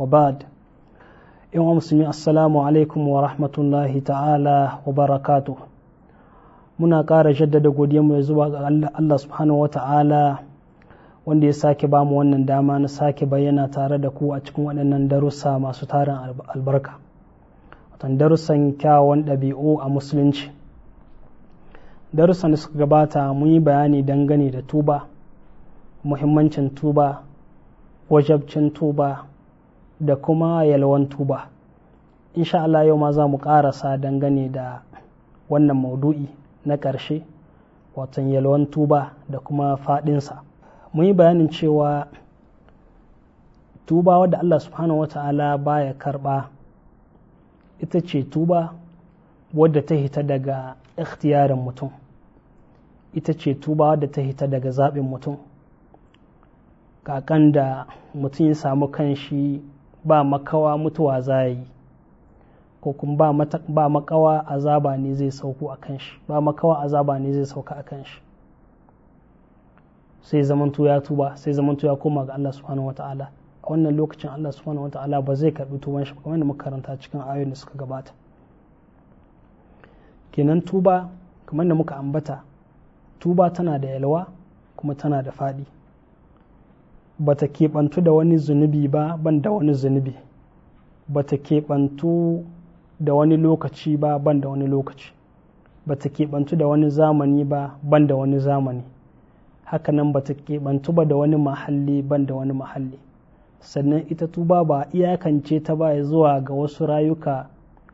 وبعد yan musulmi assalamu alaikum wa rahmatullahi ta'ala wa barakatu muna ƙara jaddada godiyarmu mai zuwa ga Allah subhanahu wa ta'ala wanda ya sake ba mu wannan dama na sake bayyana tare da ku a cikin waɗannan darussa masu tarin albarka watan darussan kyawawan ɗabi'u a musulunci darussan da suka gabata mun yi bayani dangane da tuba muhimmancin tuba wajabcin tuba da kuma yalwan tuba insha Allah yau ma za mu ƙarasa dangane da wannan maudu'i na ƙarshe watan yalwan tuba da kuma faɗinsa mun yi bayanin cewa tuba wadda Allah subhanahu ba baya karɓa ita ce tuba wadda ta hita daga ikhtiyarin mutum ita ce tuba wadda ta hita daga zaɓin mutum kakan da mutum ya samu kanshi ba makawa mutuwa za yi ko kuma ba makawa azaba ne zai sauko a kan shi ba makawa azaba ne zai sauka a kan shi sai zamanto ya tuba sai ya koma ga Allah subhanahu wata'ala a wannan lokacin Allah subhanahu wata'ala ba zai karbi tuban shi kamar da muka karanta cikin ayoyin da suka gabata kenan tuba kamar da muka ambata tuba tana da yalwa kuma tana da faɗi ba ta keɓantu da wani zunubi ba ban da wani zunubi ba keɓantu da wani lokaci ba ban da wani lokaci ba keɓantu da wani zamani ba ban da wani zamani hakanan ba ta keɓantu ba da wani mahalli ban da wani mahalli sannan ita tuba ba iyakance ta ba zuwa ga wasu rayuka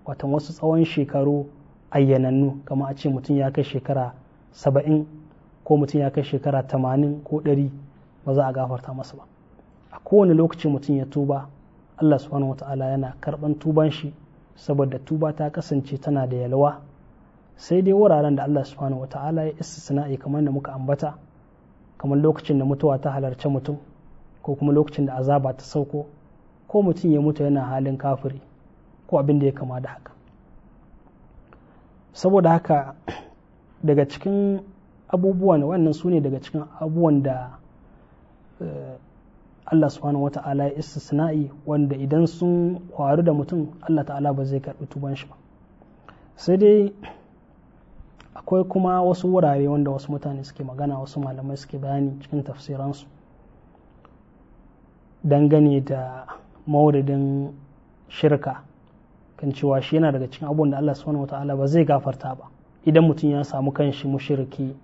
watan wasu tsawon shekaru ayyanannu kama a ce mutum ya kai shekara saba'in ko mutum ya kai shekara tamanin ko ɗari ba za a gafarta masa ba a kowane lokaci mutum ya tuba Allah subhanahu wata'ala yana karban tuban shi saboda tuba ta kasance tana da yalwa sai dai wuraren da Allah subhanahu wata'ala ya istisna'i kamar da muka ambata kamar lokacin da mutuwa ta halarci mutum ko kuma lokacin da azaba ta sauko ko mutum ya mutu yana halin kafiri ko abin da ya kama da haka saboda haka daga cikin abubuwan wannan su ne daga cikin abubuwan da Eh, Allah subhanahu wa ta'ala ya istisna'i wanda idan sun kwaru da mutum Allah ta'ala ba zai karɓi tuban shi ba sai dai akwai kuma wasu wurare wanda wasu mutane suke magana wasu malamai suke bayani cikin tafsiransu dangane da mauridin shirka kan cewa shi yana daga cikin abubuwan da Allah subhanahu wa ta'ala ba zai gafarta ba idan mutum ya samu kanshi mushriki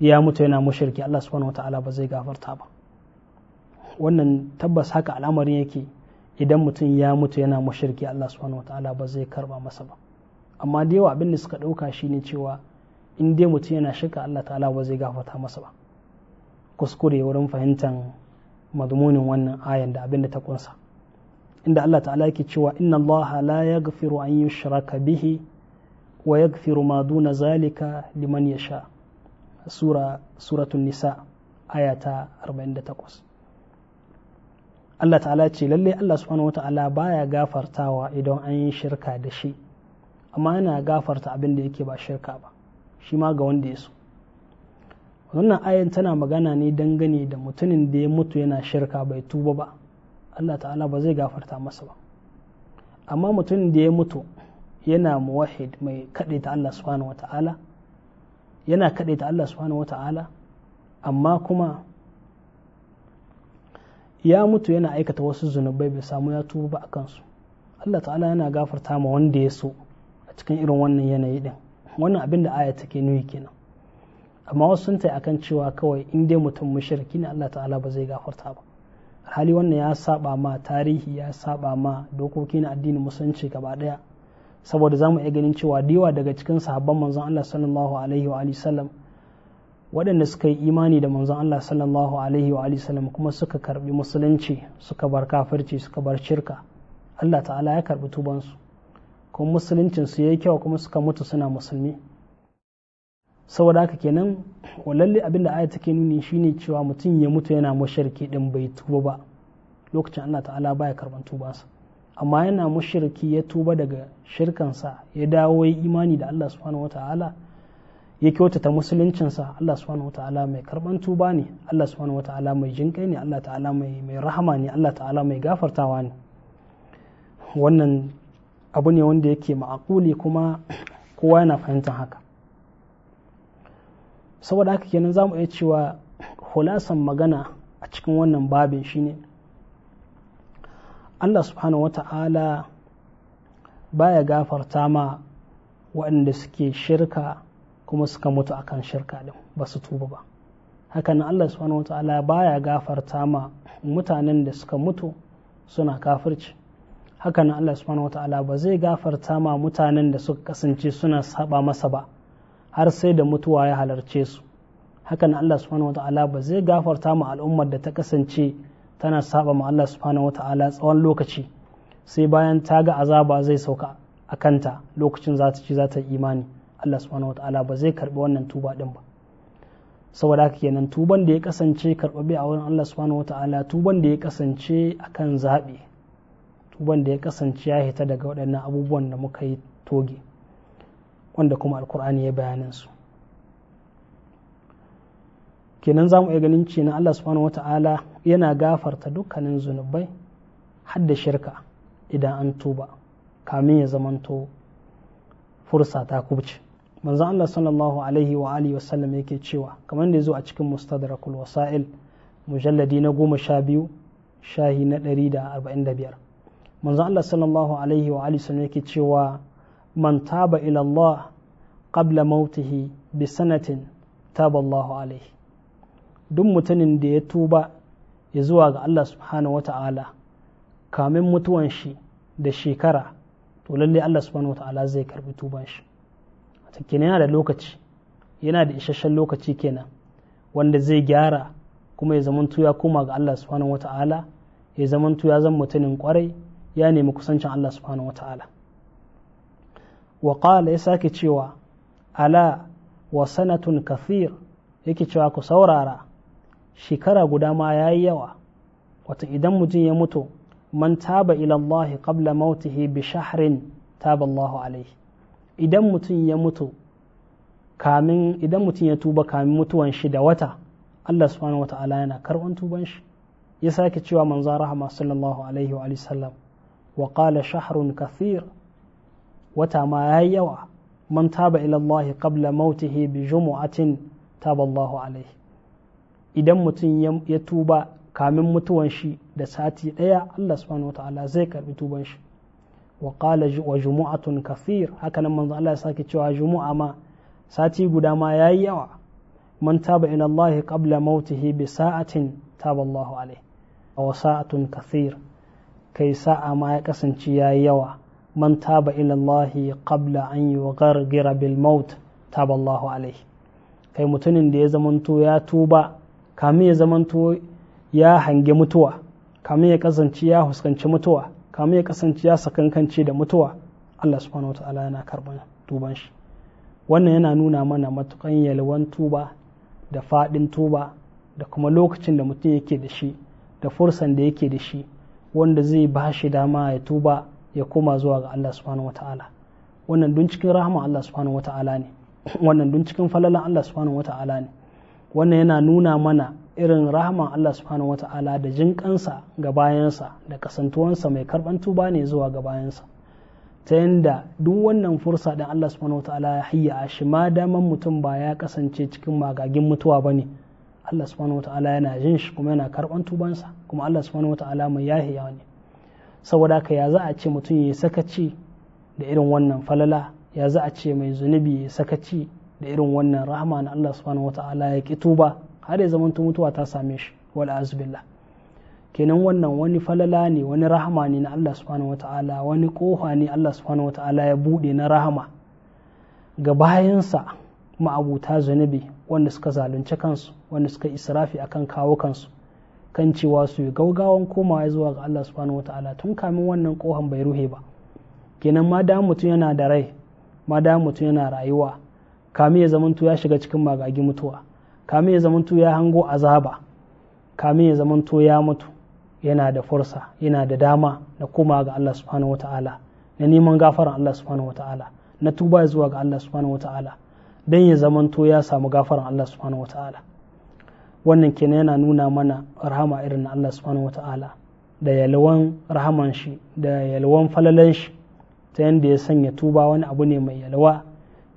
ya mutu yana mushirki Allah subhanahu wataala ba zai gafarta ba wannan tabbas haka al'amarin yake idan mutum ya mutu yana mushirki Allah subhanahu wataala ba zai karba masa ba amma da yawa abin da suka dauka ne cewa in dai mutum yana shirka Allah ta'ala ba zai gafarta masa ba kuskure wurin fahimtar mazmunin wannan ayan da abin da ta kunsa inda Allah ta'ala yake cewa inna Allah la yaghfiru an yushraka bihi wa yaghfiru ma duna zalika liman ya sha. sura suratun nisa aya ta 48 Allah ta'ala ce lalle Allah subhanahu wata'ala baya gafartawa idan an yi shirka da shi amma yana gafarta abin da yake ba shirka ba shi ma ga wanda ya so wannan ayan tana magana ne dangane da mutumin da ya mutu yana shirka bai tuba ba Allah ta'ala ba zai gafarta masa ba amma mutumin da ya mutu yana muwahid mai ta Allah subhanahu wata'ala yana kaɗaita Allah subhanahu wata'ala amma kuma ya mutu yana aikata wasu zunubai bai samu ya tuba ba a kansu Allah ta'ala yana gafarta ma wanda ya so a cikin irin wannan yanayi din wannan abin da aya take nuyi kenan amma wasu sun tai akan cewa kawai in dai mutum shirki ne Allah ta'ala ba zai gafarta ba hali wannan ya saba ma tarihi ya saba ma dokoki na addinin musulunci gaba daya saboda za mu iya ganin cewa da yawa daga cikin sahabban manzon Allah sallallahu alaihi wa sallam waɗanda suka yi imani da manzon Allah sallallahu alaihi wa sallam kuma suka karbi musulunci suka bar kafirci suka bar shirka Allah ta'ala ya karbi tubansu kuma musuluncin su yayi kyau kuma suka mutu suna musulmi saboda haka kenan lalle abin da aya take nuni shine cewa mutum ya mutu yana mushriki din bai tuba ba lokacin Allah ta'ala baya karban tubansa amma yana mushriki ya tuba daga shirkansa ya dawo ya imani da Allah subhanahu ta'ala ya kyautata musuluncinsa Allah subhanahu ta'ala mai karban tuba ne Allah subhanahu ta'ala mai jinkai ne Allah ta'ala mai rahama ne Allah ta'ala mai gafartawa ne wannan abu ne wanda yake ma'akuli kuma kowa yana fahimtar haka saboda haka kenan zamu iya cewa hulasan magana a cikin wannan babin shine Allah subhanahu wa ta'ala baya gafarta ma waɗanda suke shirka kuma suka mutu akan shirka ɗin ba su tuba ba hakan Allah subhanahu ba baya gafarta ma mutanen da suka mutu suna kafirci hakan Allah subhanahu ta'ala ba zai gafarta ma mutanen da suka kasance suna saba masa ba har sai da mutuwa ya halarce su hakan Allah subhanahu ta'ala ba zai gafarta ma al'ummar da ta kasance tana saba ma Allah subhanahu ta'ala tsawon lokaci sai bayan ta ga azaba zai sauka a kanta lokacin za ta ci za ta imani Allah subhanahu ta'ala ba zai karbi wannan tuba din ba saboda haka kenan tuban da ya kasance karbabe a wurin Allah subhanahu ta'ala tuban da ya kasance akan zaɓe tuban da ya kasance ya hita daga waɗannan abubuwan da muka yi toge wanda kuma alkur'ani ya bayanin su kenan za mu iya ganin ce na Allah subhanahu ta'ala yana gafarta dukkanin zunubai har da shirka idan an tuba kamin ya zamanto fursa ta kubce manzon Allah sallallahu alaihi wa alihi sallam yake cewa kamar da zo a cikin mustadrakul wasail mujalladi na goma sha biyu shahi na ɗari da arba'in da biyar manzon Allah sallallahu alaihi wa alihi wasallam yake cewa man taba ila Allah qabla mautihi bi sanatin taba Allah alaihi duk mutumin da ya tuba ya zuwa ga Allah subhanahu wa ta'ala kamin mutuwan shi da shekara to lalle Allah subhanahu wa ta'ala zai karbi tuban shi kenan yana da lokaci yana da isasshen lokaci kenan wanda zai gyara kuma ya zamantu ya koma ga Allah subhanahu wa ta'ala ya zamantu ya zama mutumin kwarai ya nemi kusancin Allah subhanahu wa ta'ala wa qala ya sake cewa ala wa sanatun kafir yake cewa ku saurara shekara guda ma ya yi yawa wata idan mutum ya mutu man taba ilallahi qabla mautihi bi shahrin taba Allahu alaihi idan mutum ya mutu kamin idan mutum ya tuba kamin mutuwan shi da wata Allah subhanahu ta'ala yana karɓan tuban shi ya sake cewa manzo rahama sallallahu alaihi wa sallam wa qala shahrun kathir wata ma yayi yawa man taba ila Allah qabla mautihi bi jumu'atin taba Allahu alaihi idan mutum ya tuba kamin mutuwan shi da sati ɗaya Allah subhanahu wataala zai karbi tuban shi wa qala wa jumu'atun kathir haka nan manzo Allah ya sake cewa jumu'a ma sati guda ma yayi yawa man taba ila Allah qabla mautihi bi sa'atin taba Allah alaihi wa sa'atun kathir kai sa'a ma ya kasance yayi yawa man taba ila Allah qabla an yughargira bil maut taba Allah kai mutumin da ya zamanto ya tuba kamin ya zamanto ya hange mutuwa kamin ya kasance ya huskanci mutuwa kamin ya kasance ya sakankance da mutuwa Allah subhanahu wataala yana karban tuban shi wannan yana nuna mana matukan yalwan tuba da fadin tuba da kuma lokacin da mutum yake da shi da fursan da yake da shi wanda zai ba shi dama ya tuba ya koma zuwa ga Allah subhanahu wataala wannan don cikin rahama Allah subhanahu ne wannan don cikin falalan Allah subhanahu wataala ne wannan yana nuna mana irin rahman Allah subhanahu wata'ala da jin kansa ga bayansa da kasantuwansa mai karban tuba ne zuwa ga bayansa ta yadda duk wannan fursa da Allah subhanahu wata'ala ya hayya a shi ma daman mutum ba ya kasance cikin magagin mutuwa bane Allah subhanahu wata'ala yana jin shi kuma yana karban tubansa kuma Allah subhanahu wata'ala mai yahiya ne saboda haka ya za a ce mutum ya sakaci da irin wannan falala ya za a ce mai zunubi ya sakaci da irin wannan rahama na Allah subhanahu ta'ala ya ki ba har ya zamanto mutuwa ta same shi wal azbillah kenan wannan wani falala ne wani rahama ne na Allah subhanahu ta'ala wani kofa ne Allah subhanahu ta'ala ya bude na rahama ga bayansa ma'abuta zunubi wanda suka zalunci kansu wanda suka israfi akan kawo kansu kan cewa su yi gaugawan komawa zuwa ga Allah subhanahu ta'ala tun kamin wannan kohan bai ruhe ba kenan ma da mutum yana da rai ma da mutum yana rayuwa kame ya zamanto ya shiga cikin magagi mutuwa kame ya zamanto ya hango azaba kame ya zamanto ya mutu yana da fursa yana da dama na koma ga Allah subhanahu wata'ala na neman gafaran Allah subhanahu wata'ala na tuba zuwa ga Allah subhanahu wata'ala don ya zamanto ya samu gafaran Allah subhanahu wata'ala wannan kenan yana nuna mana rahama irin na Allah subhanahu wata'ala da yalwan rahaman shi da yalwan falalan shi ta yanda ya sanya tuba wani abu ne mai yalwa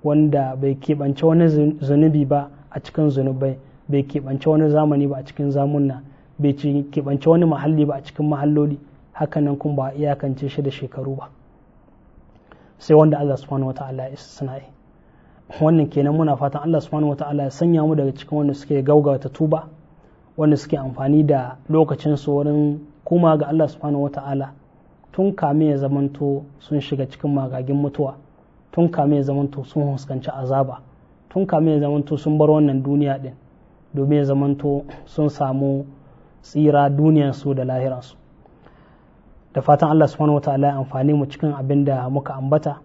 wanda bai keɓance wani zunubi ba a cikin zunubai bai keɓance wani zamani ba a cikin zamunna bai keɓance wani mahalli ba a cikin mahalloli hakanan kuma ba a iyakance shi da shekaru ba sai wanda Allah subhanahu wa ta'ala ya wannan kenan muna fatan Allah subhanahu wa ya sanya mu daga cikin wanda suke gaugata tuba wanda suke amfani da lokacin su wurin kuma ga Allah subhanahu wa tun kame ya zamanto sun shiga cikin magagin mutuwa tun kame ya zamanto sun huskanci azaba tun kame ya zamanto sun bar wannan duniya din domin ya zamanto sun samu tsira duniyarsu da lahiransu da fatan Allah subhanahu wa ta'ala amfani mu cikin abin da muka ambata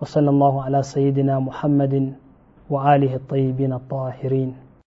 wa sallallahu ala sayyidina muhammadin wa alihi at-tayyibin at-tahirin